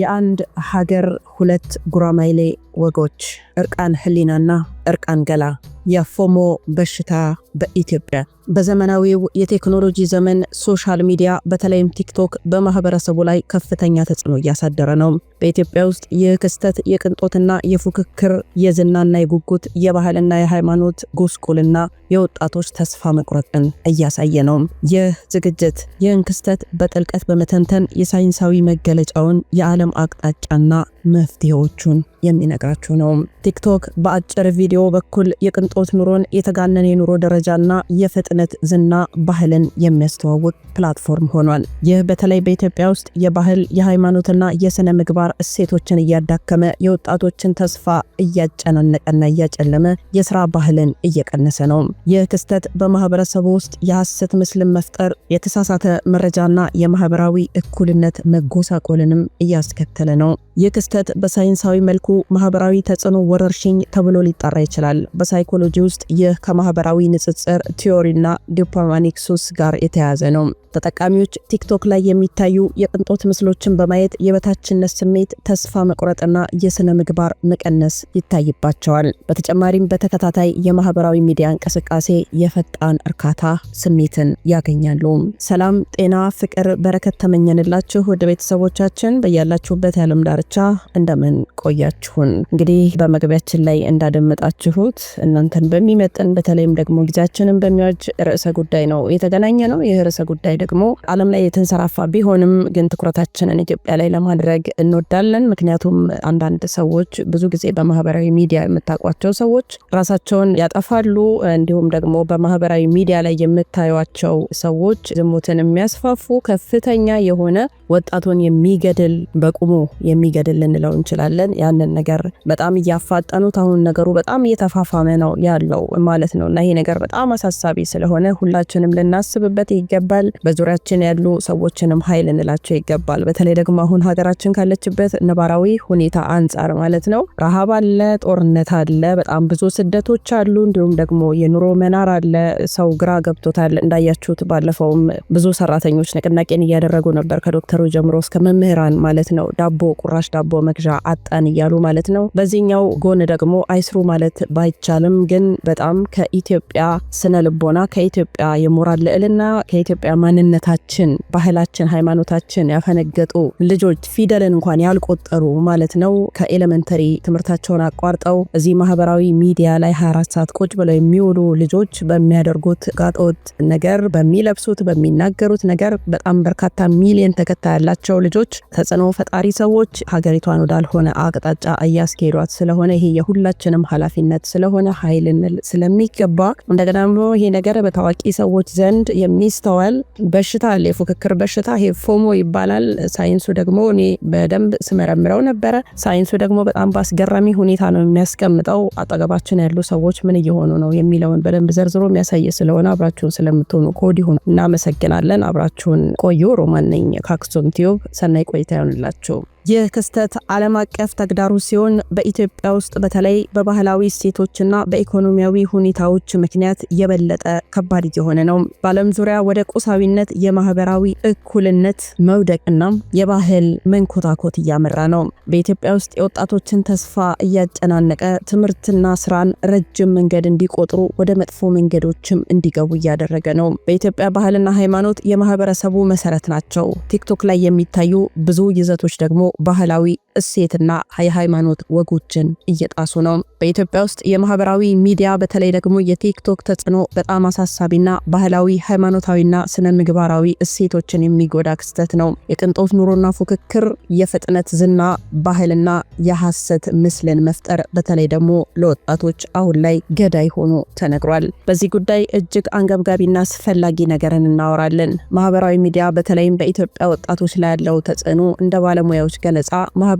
የአንድ ሀገር ሁለት ጉራማይሌ ወጎች እርቃን ህሊናና እርቃን ገላ የፎሞ በሽታ በኢትዮጵያ በዘመናዊው የቴክኖሎጂ ዘመን ሶሻል ሚዲያ በተለይም ቲክቶክ በማህበረሰቡ ላይ ከፍተኛ ተጽዕኖ እያሳደረ ነው። በኢትዮጵያ ውስጥ ይህ ክስተት የቅንጦትና የፉክክር፣ የዝናና የጉጉት፣ የባህልና የሃይማኖት ጉስቁልና፣ የወጣቶች ተስፋ መቁረጥን እያሳየ ነው። ይህ ዝግጅት ይህን ክስተት በጥልቀት በመተንተን የሳይንሳዊ መገለጫውን፣ የዓለም አቅጣጫና መፍትሄዎቹን የሚነግራችሁ ነው። ቲክቶክ በአጭር ቪዲዮ በኩል የቅንጦት ኑሮን፣ የተጋነነ የኑሮ ደረጃና የፍጥ በፍጥነት ዝና ባህልን የሚያስተዋውቅ ፕላትፎርም ሆኗል። ይህ በተለይ በኢትዮጵያ ውስጥ የባህል የሃይማኖትና የሥነ ምግባር እሴቶችን እያዳከመ የወጣቶችን ተስፋ እያጨናነቀና እያጨለመ የስራ ባህልን እየቀነሰ ነው። ይህ ክስተት በማህበረሰቡ ውስጥ የሐሰት ምስልን መፍጠር፣ የተሳሳተ መረጃና የማህበራዊ እኩልነት መጎሳቆልንም እያስከተለ ነው። ይህ ክስተት በሳይንሳዊ መልኩ ማህበራዊ ተጽዕኖ ወረርሽኝ ተብሎ ሊጠራ ይችላል። በሳይኮሎጂ ውስጥ ይህ ከማህበራዊ ንጽጽር ቲዮሪና እና ዶፓሚን ሱስ ጋር የተያያዘ ነው። ተጠቃሚዎች ቲክቶክ ላይ የሚታዩ የቅንጦት ምስሎችን በማየት የበታችነት ስሜት፣ ተስፋ መቁረጥና የስነ ምግባር መቀነስ ይታይባቸዋል። በተጨማሪም በተከታታይ የማህበራዊ ሚዲያ እንቅስቃሴ የፈጣን እርካታ ስሜትን ያገኛሉ። ሰላም፣ ጤና፣ ፍቅር፣ በረከት ተመኘንላችሁ ወደ ቤተሰቦቻችን በያላችሁበት የዓለም ዳርቻ እንደምን ቆያችሁን። እንግዲህ በመግቢያችን ላይ እንዳደመጣችሁት እናንተን በሚመጥን በተለይም ደግሞ ጊዜያችንን በሚዋጅ ርዕሰ ጉዳይ ነው የተገናኘ ነው። ይህ ርዕሰ ጉዳይ ደግሞ ዓለም ላይ የተንሰራፋ ቢሆንም ግን ትኩረታችንን ኢትዮጵያ ላይ ለማድረግ እንወዳለን። ምክንያቱም አንዳንድ ሰዎች ብዙ ጊዜ በማህበራዊ ሚዲያ የምታውቋቸው ሰዎች ራሳቸውን ያጠፋሉ። እንዲሁም ደግሞ በማህበራዊ ሚዲያ ላይ የምታዩቸው ሰዎች ዝሙትን የሚያስፋፉ ከፍተኛ የሆነ ወጣቱን የሚገድል በቁሙ የሚገድል ልንለው እንችላለን። ያንን ነገር በጣም እያፋጠኑት አሁን ነገሩ በጣም እየተፋፋመ ነው ያለው ማለት ነው እና ይሄ ነገር በጣም አሳሳቢ ስለ ስለሆነ ሁላችንም ልናስብበት ይገባል። በዙሪያችን ያሉ ሰዎችንም ሀይል እንላቸው ይገባል። በተለይ ደግሞ አሁን ሀገራችን ካለችበት ነባራዊ ሁኔታ አንጻር ማለት ነው። ረሃብ አለ፣ ጦርነት አለ፣ በጣም ብዙ ስደቶች አሉ። እንዲሁም ደግሞ የኑሮ መናር አለ። ሰው ግራ ገብቶታል። እንዳያችሁት ባለፈውም ብዙ ሰራተኞች ንቅናቄን እያደረጉ ነበር፣ ከዶክተሩ ጀምሮ እስከ መምህራን ማለት ነው። ዳቦ ቁራሽ ዳቦ መግዣ አጣን እያሉ ማለት ነው። በዚህኛው ጎን ደግሞ አይስሩ ማለት ባይቻልም ግን በጣም ከኢትዮጵያ ስነ ልቦና ከኢትዮጵያ የሞራል ልዕልና ከኢትዮጵያ ማንነታችን፣ ባህላችን፣ ሃይማኖታችን ያፈነገጡ ልጆች ፊደልን እንኳን ያልቆጠሩ ማለት ነው ከኤሌመንተሪ ትምህርታቸውን አቋርጠው እዚህ ማህበራዊ ሚዲያ ላይ 24 ሰዓት ቁጭ ብለው የሚውሉ ልጆች በሚያደርጉት ጋጠወጥ ነገር፣ በሚለብሱት፣ በሚናገሩት ነገር በጣም በርካታ ሚሊየን ተከታይ ያላቸው ልጆች ተጽዕኖ ፈጣሪ ሰዎች ሀገሪቷን ወዳልሆነ አቅጣጫ እያስኬዷት ስለሆነ ይሄ የሁላችንም ኃላፊነት ስለሆነ ኃይልን ስለሚገባ እንደገና ይሄ ነገር በታዋቂ ሰዎች ዘንድ የሚስተዋል በሽታ አለ፣ የፉክክር በሽታ ይሄ ፎሞ ይባላል። ሳይንሱ ደግሞ እኔ በደንብ ስመረምረው ነበረ። ሳይንሱ ደግሞ በጣም በአስገራሚ ሁኔታ ነው የሚያስቀምጠው፣ አጠገባችን ያሉ ሰዎች ምን እየሆኑ ነው የሚለውን በደንብ ዘርዝሮ የሚያሳይ ስለሆነ አብራችሁን ስለምትሆኑ ከወዲሁ እናመሰግናለን። አብራችሁን ቆዩ። ሮማን ነኝ ከአክሱም ቲዩብ። ሰናይ ቆይታ ይሆንላችሁ። ይህ ክስተት ዓለም አቀፍ ተግዳሮት ሲሆን በኢትዮጵያ ውስጥ በተለይ በባህላዊ እሴቶችና በኢኮኖሚያዊ ሁኔታዎች ምክንያት የበለጠ ከባድ እየሆነ ነው። በዓለም ዙሪያ ወደ ቁሳዊነት፣ የማህበራዊ እኩልነት መውደቅና የባህል መንኮታኮት እያመራ ነው። በኢትዮጵያ ውስጥ የወጣቶችን ተስፋ እያጨናነቀ ትምህርትና ስራን ረጅም መንገድ እንዲቆጥሩ ወደ መጥፎ መንገዶችም እንዲገቡ እያደረገ ነው። በኢትዮጵያ ባህልና ሃይማኖት የማህበረሰቡ መሰረት ናቸው። ቲክቶክ ላይ የሚታዩ ብዙ ይዘቶች ደግሞ ባህላዊ እሴትና የሃይማኖት ወጎችን እየጣሱ ነው። በኢትዮጵያ ውስጥ የማህበራዊ ሚዲያ በተለይ ደግሞ የቲክቶክ ተጽዕኖ በጣም አሳሳቢና ባህላዊ፣ ሃይማኖታዊና ስነ ምግባራዊ እሴቶችን የሚጎዳ ክስተት ነው። የቅንጦት ኑሮና ፉክክር፣ የፍጥነት ዝና፣ ባህልና የሐሰት ምስልን መፍጠር በተለይ ደግሞ ለወጣቶች አሁን ላይ ገዳይ ሆኖ ተነግሯል። በዚህ ጉዳይ እጅግ አንገብጋቢና አስፈላጊ ነገርን እናወራለን። ማህበራዊ ሚዲያ በተለይም በኢትዮጵያ ወጣቶች ላይ ያለው ተጽዕኖ እንደ ባለሙያዎች ገለጻ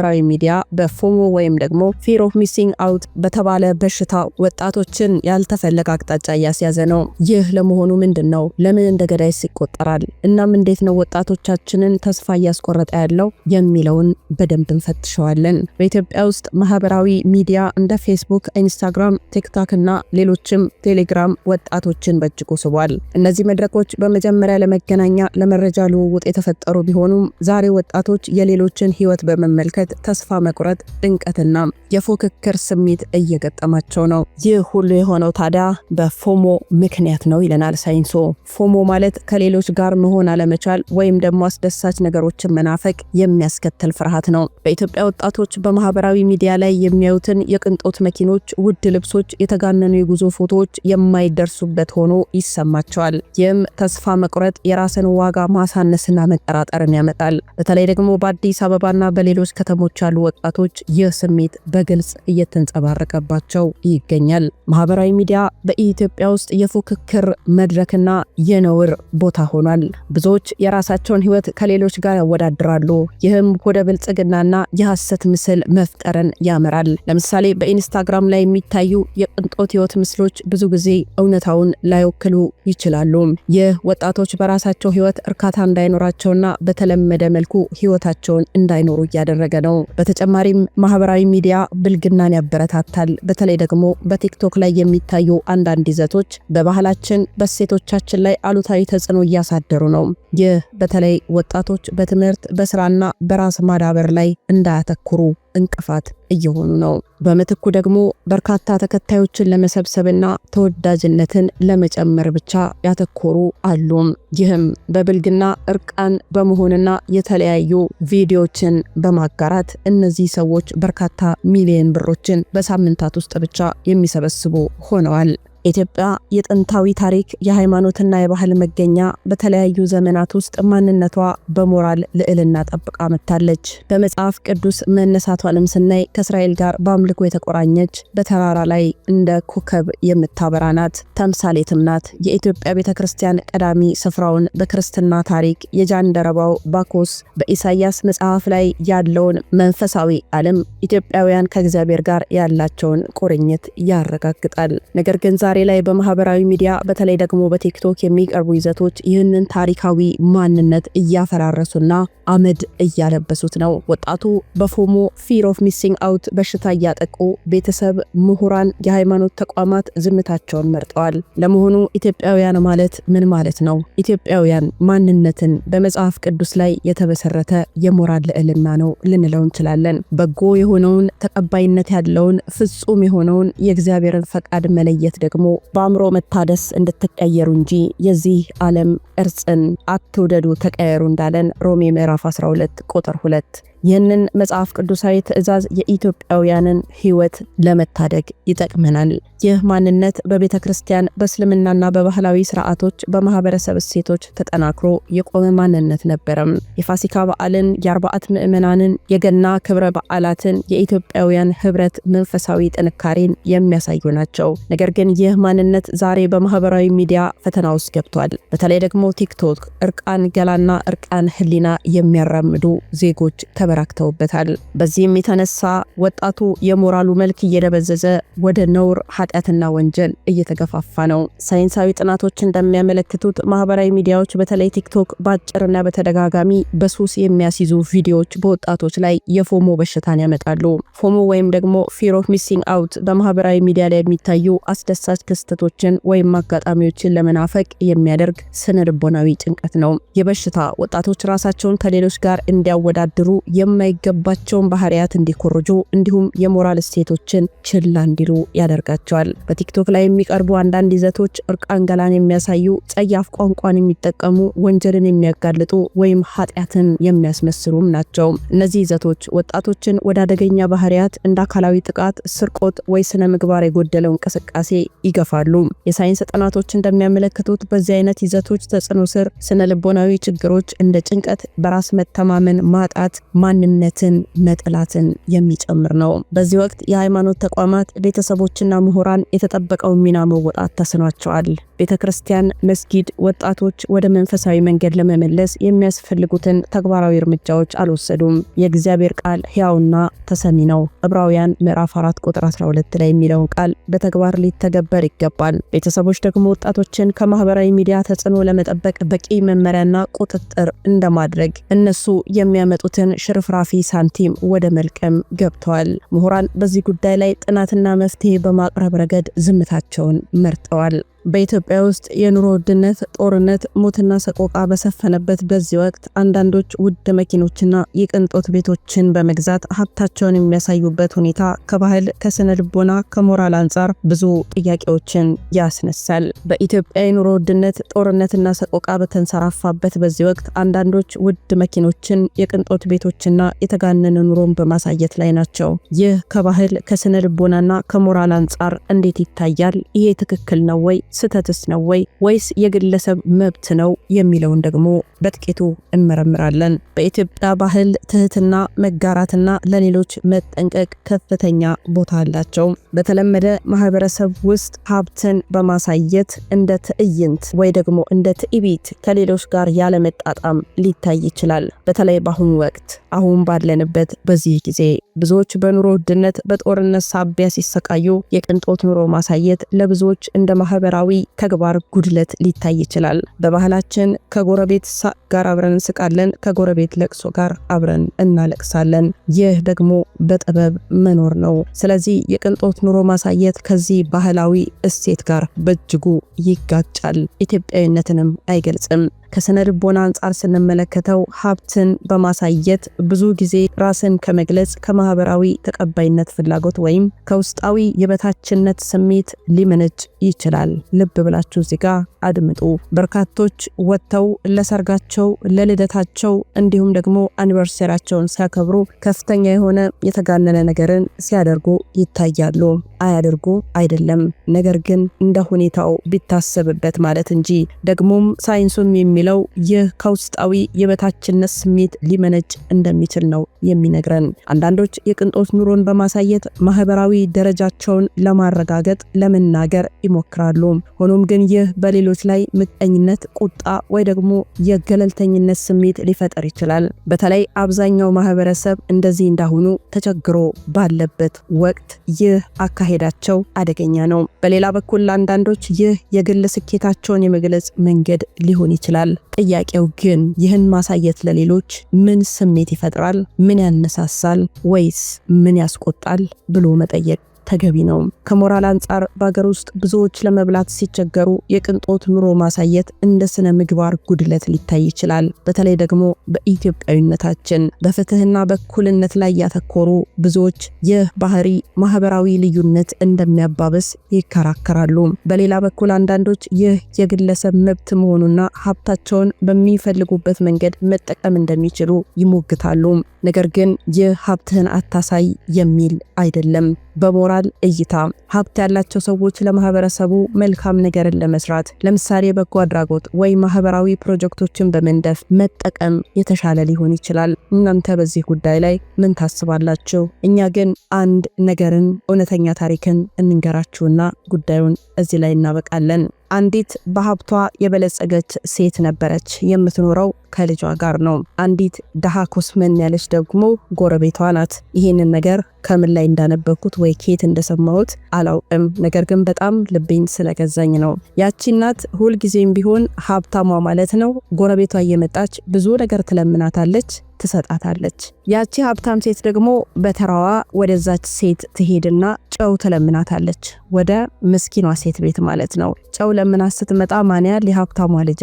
ማህበራዊ ሚዲያ በፎሞ ወይም ደግሞ ፊር ኦፍ ሚሲንግ አውት በተባለ በሽታ ወጣቶችን ያልተፈለገ አቅጣጫ እያስያዘ ነው። ይህ ለመሆኑ ምንድን ነው? ለምን እንደ ገዳይስ ይቆጠራል? እናም እንዴት ነው ወጣቶቻችንን ተስፋ እያስቆረጠ ያለው የሚለውን በደንብ እንፈትሸዋለን። በኢትዮጵያ ውስጥ ማህበራዊ ሚዲያ እንደ ፌስቡክ፣ ኢንስታግራም፣ ቲክቶክ እና ሌሎችም ቴሌግራም ወጣቶችን በእጅጉ ስቧል። እነዚህ መድረኮች በመጀመሪያ ለመገናኛ፣ ለመረጃ ልውውጥ የተፈጠሩ ቢሆኑም ዛሬ ወጣቶች የሌሎችን ህይወት በመመልከት መሰልቸት፣ ተስፋ መቁረጥ፣ ድንቀትና የፉክክር ስሜት እየገጠማቸው ነው። ይህ ሁሉ የሆነው ታዲያ በፎሞ ምክንያት ነው ይለናል ሳይንሶ ፎሞ ማለት ከሌሎች ጋር መሆን አለመቻል ወይም ደግሞ አስደሳች ነገሮችን መናፈቅ የሚያስከትል ፍርሃት ነው። በኢትዮጵያ ወጣቶች በማህበራዊ ሚዲያ ላይ የሚያዩትን የቅንጦት መኪኖች፣ ውድ ልብሶች፣ የተጋነኑ የጉዞ ፎቶዎች የማይደርሱበት ሆኖ ይሰማቸዋል። ይህም ተስፋ መቁረጥ፣ የራስን ዋጋ ማሳነስና መጠራጠርን ያመጣል። በተለይ ደግሞ በአዲስ አበባና በሌሎች ከተሞች ከተሞች ያሉ ወጣቶች ይህ ስሜት በግልጽ እየተንጸባረቀባቸው ይገኛል። ማህበራዊ ሚዲያ በኢትዮጵያ ውስጥ የፉክክር መድረክና የነውር ቦታ ሆኗል። ብዙዎች የራሳቸውን ህይወት ከሌሎች ጋር ያወዳድራሉ። ይህም ወደ ብልጽግናና የሐሰት ምስል መፍጠርን ያመራል። ለምሳሌ በኢንስታግራም ላይ የሚታዩ የቅንጦት ህይወት ምስሎች ብዙ ጊዜ እውነታውን ላይወክሉ ይችላሉ። ይህ ወጣቶች በራሳቸው ህይወት እርካታ እንዳይኖራቸውና በተለመደ መልኩ ህይወታቸውን እንዳይኖሩ እያደረገ ነው። ነው። በተጨማሪም ማህበራዊ ሚዲያ ብልግናን ያበረታታል። በተለይ ደግሞ በቲክቶክ ላይ የሚታዩ አንዳንድ ይዘቶች በባህላችን በሴቶቻችን ላይ አሉታዊ ተጽዕኖ እያሳደሩ ነው። ይህ በተለይ ወጣቶች በትምህርት በስራና በራስ ማዳበር ላይ እንዳያተኩሩ እንቅፋት እየሆኑ ነው። በምትኩ ደግሞ በርካታ ተከታዮችን ለመሰብሰብና ተወዳጅነትን ለመጨመር ብቻ ያተኮሩ አሉም። ይህም በብልግና እርቃን በመሆንና የተለያዩ ቪዲዮችን በማጋራት እነዚህ ሰዎች በርካታ ሚሊዮን ብሮችን በሳምንታት ውስጥ ብቻ የሚሰበስቡ ሆነዋል። ኢትዮጵያ የጥንታዊ ታሪክ የሃይማኖትና የባህል መገኛ፣ በተለያዩ ዘመናት ውስጥ ማንነቷ በሞራል ልዕልና ጠብቃ መጥታለች። በመጽሐፍ ቅዱስ መነሳቷንም ስናይ ከእስራኤል ጋር በአምልኮ የተቆራኘች፣ በተራራ ላይ እንደ ኮከብ የምታበራ ናት፣ ተምሳሌትም ናት። የኢትዮጵያ ቤተ ክርስቲያን ቀዳሚ ስፍራውን በክርስትና ታሪክ የጃንደረባው ባኮስ በኢሳይያስ መጽሐፍ ላይ ያለውን መንፈሳዊ ዓለም ኢትዮጵያውያን ከእግዚአብሔር ጋር ያላቸውን ቁርኝት ያረጋግጣል። ነገር ግን ዛሬ ላይ በማህበራዊ ሚዲያ በተለይ ደግሞ በቲክቶክ የሚቀርቡ ይዘቶች ይህንን ታሪካዊ ማንነት እያፈራረሱና አመድ እያለበሱት ነው። ወጣቱ በፎሞ ፊር ኦፍ ሚሲንግ አውት በሽታ እያጠቁ ቤተሰብ፣ ምሁራን፣ የሃይማኖት ተቋማት ዝምታቸውን መርጠዋል። ለመሆኑ ኢትዮጵያውያን ማለት ምን ማለት ነው? ኢትዮጵያውያን ማንነትን በመጽሐፍ ቅዱስ ላይ የተመሰረተ የሞራል ልዕልና ነው ልንለው እንችላለን። በጎ የሆነውን ተቀባይነት ያለውን ፍጹም የሆነውን የእግዚአብሔርን ፈቃድ መለየት ደግሞ ደግሞ በአእምሮ መታደስ እንድትቀየሩ እንጂ የዚህ ዓለም ቅርጽን አትውደዱ ተቀየሩ እንዳለን ሮሜ ምዕራፍ 12 ቁጥር 2 ይህንን መጽሐፍ ቅዱሳዊ ትእዛዝ የኢትዮጵያውያንን ሕይወት ለመታደግ ይጠቅመናል። ይህ ማንነት በቤተ ክርስቲያን በእስልምናና በባህላዊ ስርዓቶች በማህበረሰብ እሴቶች ተጠናክሮ የቆመ ማንነት ነበረም። የፋሲካ በዓልን፣ የአርባዓት ምዕመናንን፣ የገና ክብረ በዓላትን የኢትዮጵያውያን ህብረት መንፈሳዊ ጥንካሬን የሚያሳዩ ናቸው። ነገር ግን ይህ ማንነት ዛሬ በማህበራዊ ሚዲያ ፈተና ውስጥ ገብቷል። በተለይ ደግሞ ቲክቶክ እርቃን ገላና እርቃን ህሊና የሚያራምዱ ዜጎች ተበራክተውበታል። በዚህም የተነሳ ወጣቱ የሞራሉ መልክ እየደበዘዘ ወደ ነውር ኃጢአትና ወንጀል እየተገፋፋ ነው። ሳይንሳዊ ጥናቶች እንደሚያመለክቱት ማህበራዊ ሚዲያዎች በተለይ ቲክቶክ በአጭርና በተደጋጋሚ በሱስ የሚያስይዙ ቪዲዮዎች በወጣቶች ላይ የፎሞ በሽታን ያመጣሉ። ፎሞ ወይም ደግሞ ፊር ኦፍ ሚሲንግ አውት በማህበራዊ ሚዲያ ላይ የሚታዩ አስደሳች ክስተቶችን ወይም አጋጣሚዎችን ለመናፈቅ የሚያደርግ ስነ ልቦናዊ ጭንቀት ነው። የበሽታ ወጣቶች ራሳቸውን ከሌሎች ጋር እንዲያወዳድሩ የማይገባቸውን ባህሪያት እንዲኮርጁ እንዲሁም የሞራል እሴቶችን ችላ እንዲሉ ያደርጋቸዋል። በቲክቶክ ላይ የሚቀርቡ አንዳንድ ይዘቶች እርቃን ገላን የሚያሳዩ፣ ጸያፍ ቋንቋን የሚጠቀሙ፣ ወንጀልን የሚያጋልጡ ወይም ኃጢአትን የሚያስመስሉም ናቸው። እነዚህ ይዘቶች ወጣቶችን ወደ አደገኛ ባህሪያት እንደ አካላዊ ጥቃት፣ ስርቆት ወይ ስነ ምግባር የጎደለው እንቅስቃሴ ይገፋሉ። የሳይንስ ጥናቶች እንደሚያመለክቱት በዚህ አይነት ይዘቶች ተጽዕኖ ስር ስነ ልቦናዊ ችግሮች እንደ ጭንቀት፣ በራስ መተማመን ማጣት፣ ማ ማንነትን መጠላትን የሚጨምር ነው። በዚህ ወቅት የሃይማኖት ተቋማት ቤተሰቦችና ምሁራን የተጠበቀው ሚና መወጣት ተስኗቸዋል። ቤተ ክርስቲያን፣ መስጊድ ወጣቶች ወደ መንፈሳዊ መንገድ ለመመለስ የሚያስፈልጉትን ተግባራዊ እርምጃዎች አልወሰዱም። የእግዚአብሔር ቃል ሕያውና ተሰሚ ነው፣ ዕብራውያን ምዕራፍ 4 ቁጥር 12 ላይ የሚለውን ቃል በተግባር ሊተገበር ይገባል። ቤተሰቦች ደግሞ ወጣቶችን ከማህበራዊ ሚዲያ ተጽዕኖ ለመጠበቅ በቂ መመሪያና ቁጥጥር እንደማድረግ እነሱ የሚያመጡትን ሽር ርፍራፊ ሳንቲም ወደ መልቀም ገብተዋል። ምሁራን በዚህ ጉዳይ ላይ ጥናትና መፍትሄ በማቅረብ ረገድ ዝምታቸውን መርጠዋል። በኢትዮጵያ ውስጥ የኑሮ ውድነት፣ ጦርነት፣ ሞትና ሰቆቃ በሰፈነበት በዚህ ወቅት አንዳንዶች ውድ መኪኖችና የቅንጦት ቤቶችን በመግዛት ሀብታቸውን የሚያሳዩበት ሁኔታ ከባህል ከስነ ልቦና፣ ከሞራል አንጻር ብዙ ጥያቄዎችን ያስነሳል። በኢትዮጵያ የኑሮ ውድነት፣ ጦርነትና ሰቆቃ በተንሰራፋበት በዚህ ወቅት አንዳንዶች ውድ መኪኖችን፣ የቅንጦት ቤቶችና የተጋነነ ኑሮን በማሳየት ላይ ናቸው። ይህ ከባህል ከስነ ልቦናና ከሞራል አንጻር እንዴት ይታያል? ይሄ ትክክል ነው ወይ? ስተትስ ነው ወይ ወይስ የግለሰብ መብት ነው የሚለውን ደግሞ በጥቂቱ እንመረምራለን። በኢትዮጵያ ባህል ትህትና፣ መጋራትና ለሌሎች መጠንቀቅ ከፍተኛ ቦታ አላቸው። በተለመደ ማህበረሰብ ውስጥ ሀብትን በማሳየት እንደ ትዕይንት ወይ ደግሞ እንደ ትዕቢት ከሌሎች ጋር ያለመጣጣም ሊታይ ይችላል። በተለይ በአሁኑ ወቅት አሁን ባለንበት በዚህ ጊዜ ብዙዎች በኑሮ ውድነት በጦርነት ሳቢያ ሲሰቃዩ የቅንጦት ኑሮ ማሳየት ለብዙዎች እንደ ማህበራዊ ተግባር ጉድለት ሊታይ ይችላል። በባህላችን ከጎረቤት ሳቅ ጋር አብረን እንስቃለን፣ ከጎረቤት ለቅሶ ጋር አብረን እናለቅሳለን። ይህ ደግሞ በጥበብ መኖር ነው። ስለዚህ የቅንጦት ኑሮ ማሳየት ከዚህ ባህላዊ እሴት ጋር በእጅጉ ይጋጫል፣ ኢትዮጵያዊነትንም አይገልጽም። ከስነ ልቦና አንጻር ስንመለከተው ሀብትን በማሳየት ብዙ ጊዜ ራስን ከመግለጽ ከማህበራዊ ተቀባይነት ፍላጎት ወይም ከውስጣዊ የበታችነት ስሜት ሊመነጭ ይችላል። ልብ ብላችሁ ዚጋ አድምጡ። በርካቶች ወጥተው ለሰርጋቸው፣ ለልደታቸው እንዲሁም ደግሞ አኒቨርሴራቸውን ሲያከብሩ ከፍተኛ የሆነ የተጋነነ ነገርን ሲያደርጉ ይታያሉ። አያደርጉ አይደለም፣ ነገር ግን እንደ ሁኔታው ቢታሰብበት ማለት እንጂ ደግሞም ሳይንሱም የሚ የሚለው ይህ ከውስጣዊ የበታችነት ስሜት ሊመነጭ እንደሚችል ነው የሚነግረን። አንዳንዶች የቅንጦት ኑሮን በማሳየት ማህበራዊ ደረጃቸውን ለማረጋገጥ ለመናገር ይሞክራሉ። ሆኖም ግን ይህ በሌሎች ላይ ምቀኝነት፣ ቁጣ ወይ ደግሞ የገለልተኝነት ስሜት ሊፈጠር ይችላል። በተለይ አብዛኛው ማህበረሰብ እንደዚህ እንዳሁኑ ተቸግሮ ባለበት ወቅት ይህ አካሄዳቸው አደገኛ ነው። በሌላ በኩል ለአንዳንዶች ይህ የግል ስኬታቸውን የመግለጽ መንገድ ሊሆን ይችላል። ይችላል። ጥያቄው ግን ይህን ማሳየት ለሌሎች ምን ስሜት ይፈጥራል? ምን ያነሳሳል? ወይስ ምን ያስቆጣል? ብሎ መጠየቅ ተገቢ ነው። ከሞራል አንጻር በአገር ውስጥ ብዙዎች ለመብላት ሲቸገሩ የቅንጦት ኑሮ ማሳየት እንደ ስነ ምግባር ጉድለት ሊታይ ይችላል። በተለይ ደግሞ በኢትዮጵያዊነታችን በፍትህና በእኩልነት ላይ ያተኮሩ ብዙዎች ይህ ባህሪ ማህበራዊ ልዩነት እንደሚያባብስ ይከራከራሉ። በሌላ በኩል አንዳንዶች ይህ የግለሰብ መብት መሆኑና ሀብታቸውን በሚፈልጉበት መንገድ መጠቀም እንደሚችሉ ይሞግታሉ። ነገር ግን ይህ ሀብትህን አታሳይ የሚል አይደለም። በሞራል እይታ ሀብት ያላቸው ሰዎች ለማህበረሰቡ መልካም ነገርን ለመስራት ለምሳሌ በጎ አድራጎት ወይ ማህበራዊ ፕሮጀክቶችን በመንደፍ መጠቀም የተሻለ ሊሆን ይችላል። እናንተ በዚህ ጉዳይ ላይ ምን ታስባላችሁ? እኛ ግን አንድ ነገርን እውነተኛ ታሪክን እንንገራችሁና ጉዳዩን እዚህ ላይ እናበቃለን። አንዲት በሀብቷ የበለጸገች ሴት ነበረች። የምትኖረው ከልጇ ጋር ነው። አንዲት ድሃ ኮስመን ያለች ደግሞ ጎረቤቷ ናት። ይህንን ነገር ከምን ላይ እንዳነበኩት ወይ ኬት እንደሰማሁት አላውቅም። ነገር ግን በጣም ልቤን ስለገዛኝ ነው። ያቺ እናት ሁልጊዜም ቢሆን ሀብታሟ ማለት ነው ጎረቤቷ እየመጣች ብዙ ነገር ትለምናታለች፣ ትሰጣታለች። ያቺ ሀብታም ሴት ደግሞ በተራዋ ወደዛች ሴት ትሄድና ጨው ትለምናታለች፣ ወደ ምስኪኗ ሴት ቤት ማለት ነው። ጨው ለምናት ስትመጣ ማን ያህል የሀብታሟ ልጅ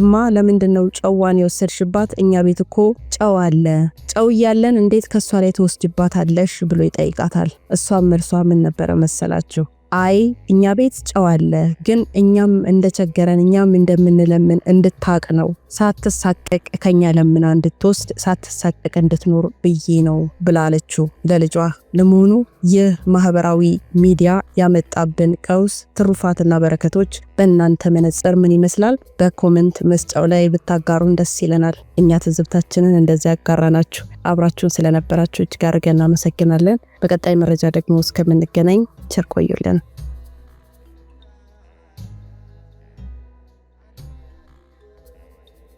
እማ ለምንድን ነው ጨዋን የወሰድሽባት? እኛ ቤት እኮ ጨው አለ፣ ጨው እያለን እንዴት ከእሷ ላይ ትወስድባታለሽ ብሎ ይጠይቃታል። እሷም እርሷ ምን ነበረ መሰላችሁ አይ እኛ ቤት ጨው አለ፣ ግን እኛም እንደቸገረን እኛም እንደምንለምን እንድታቅ ነው። ሳትሳቀቅ ከኛ ለምና እንድትወስድ ሳትሳቀቅ እንድትኖር ብዬ ነው ብላለችው ለልጇ። ለመሆኑ ይህ ማህበራዊ ሚዲያ ያመጣብን ቀውስ፣ ትሩፋትና በረከቶች በእናንተ መነጽር ምን ይመስላል? በኮመንት መስጫው ላይ ብታጋሩን ደስ ይለናል። እኛ ትዝብታችንን እንደዚያ ያጋራናችሁ አብራችሁን ስለነበራችሁ እጅግ አድርገን እናመሰግናለን። በቀጣይ መረጃ ደግሞ እስከምንገናኝ ቸር ቆዩልን።